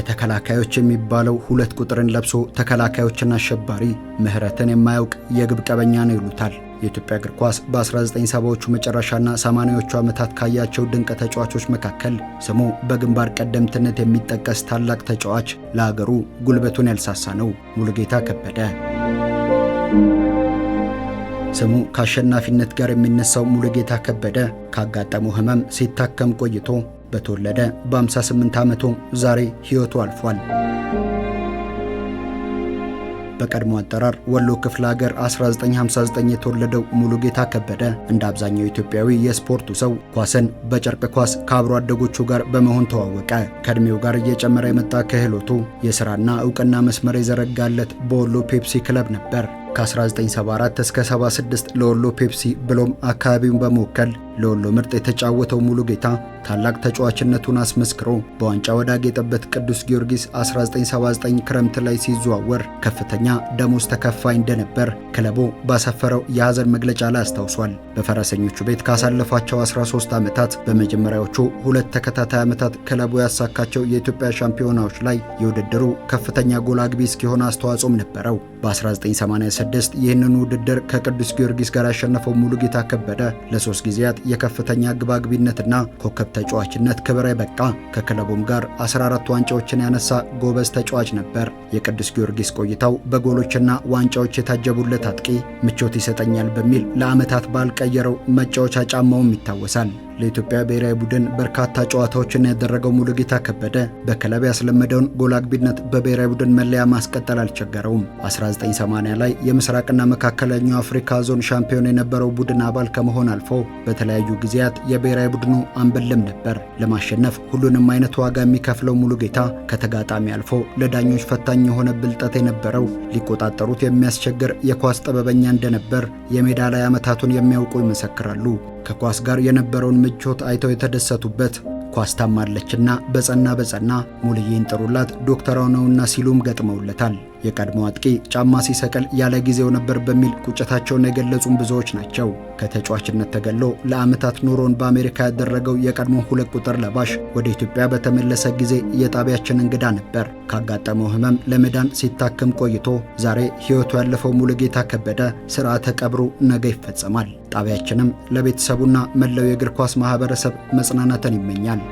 የተከላካዮች የሚባለው ሁለት ቁጥርን ለብሶ ተከላካዮችን አሸባሪ ምህረትን የማያውቅ የግብ ቀበኛ ነው ይሉታል። የኢትዮጵያ እግር ኳስ በ1970ዎቹ መጨረሻና 80 ዓመታት ካያቸው ድንቅ ተጫዋቾች መካከል ስሙ በግንባር ቀደምትነት የሚጠቀስ ታላቅ ተጫዋች ለአገሩ ጉልበቱን ያልሳሳ ነው፣ ሙሉጌታ ከበደ። ስሙ ከአሸናፊነት ጋር የሚነሳው ሙሉጌታ ከበደ ካጋጠመው ህመም ሲታከም ቆይቶ በተወለደ በ58 ዓመቱ ዛሬ ሕይወቱ አልፏል። በቀድሞ አጠራር ወሎ ክፍለ ሀገር 1959 የተወለደው ሙሉጌታ ከበደ እንደ አብዛኛው ኢትዮጵያዊ የስፖርቱ ሰው ኳስን በጨርቅ ኳስ ከአብሮ አደጎቹ ጋር በመሆን ተዋወቀ። ከእድሜው ጋር እየጨመረ የመጣ ክህሎቱ የሥራና ዕውቅና መስመር የዘረጋለት በወሎ ፔፕሲ ክለብ ነበር። ከ1974 እስከ 76 ለወሎ ፔፕሲ ብሎም አካባቢውን በመወከል ለወሎ ምርጥ የተጫወተው ሙሉ ጌታ ታላቅ ተጫዋችነቱን አስመስክሮ በዋንጫ የጠበት ቅዱስ ጊዮርጊስ 1979 ክረምት ላይ ሲዘዋወር ከፍተኛ ደሞዝ ተከፋይ እንደነበር ክለቡ ባሰፈረው የሐዘን መግለጫ ላይ አስታውሷል። በፈረሰኞቹ ቤት ካሳለፋቸው 13 ዓመታት በመጀመሪያዎቹ ሁለት ተከታታይ ዓመታት ክለቡ ያሳካቸው የኢትዮጵያ ሻምፒዮናዎች ላይ የውድድሩ ከፍተኛ ጎል አግቢ እስኪሆን አስተዋጽኦም ነበረው። በ1986 ይህንን ውድድር ከቅዱስ ጊዮርጊስ ጋር ያሸነፈው ሙሉ ጌታ ከበደ ለሶስት ጊዜያት የከፍተኛ ግባግቢነትና ኮከብ ተጫዋችነት ክብር የበቃ ከክለቡም ጋር 14 ዋንጫዎችን ያነሳ ጎበዝ ተጫዋች ነበር። የቅዱስ ጊዮርጊስ ቆይታው በጎሎችና ዋንጫዎች የታጀቡለት አጥቂ ምቾት ይሰጠኛል በሚል ለዓመታት ባልቀየረው መጫወቻ ጫማውም ይታወሳል። ለኢትዮጵያ ብሔራዊ ቡድን በርካታ ጨዋታዎችን ያደረገው ሙሉጌታ ከበደ በክለብ ያስለመደውን ጎል አግቢነት በብሔራዊ ቡድን መለያ ማስቀጠል አልቸገረውም። 1980 ላይ የምስራቅና መካከለኛው አፍሪካ ዞን ሻምፒዮን የነበረው ቡድን አባል ከመሆን አልፎ በተለያዩ ጊዜያት የብሔራዊ ቡድኑ አንበልም ነበር። ለማሸነፍ ሁሉንም አይነት ዋጋ የሚከፍለው ሙሉጌታ ከተጋጣሚ አልፎ ለዳኞች ፈታኝ የሆነ ብልጠት የነበረው፣ ሊቆጣጠሩት የሚያስቸግር የኳስ ጥበበኛ እንደነበር የሜዳ ላይ ዓመታቱን የሚያውቁ ይመሰክራሉ። ከኳስ ጋር የነበረውን ምቾት አይተው የተደሰቱበት ኳስ ታማለችና በጸና በጸና ሙልዬን ጥሩላት ዶክተሯ ነውና ሲሉም ገጥመውለታል። የቀድሞ አጥቂ ጫማ ሲሰቅል ያለ ጊዜው ነበር በሚል ቁጭታቸውን የገለጹም ብዙዎች ናቸው። ከተጫዋችነት ተገሎ ለዓመታት ኑሮን በአሜሪካ ያደረገው የቀድሞ ሁለት ቁጥር ለባሽ ወደ ኢትዮጵያ በተመለሰ ጊዜ የጣቢያችን እንግዳ ነበር። ካጋጠመው ሕመም ለመዳን ሲታከም ቆይቶ ዛሬ ሕይወቱ ያለፈው ሙሉጌታ ከበደ ሥርዓተ ቀብሩ ነገ ይፈጸማል። ጣቢያችንም ለቤተሰቡና መላው የእግር ኳስ ማህበረሰብ መጽናናትን ይመኛል።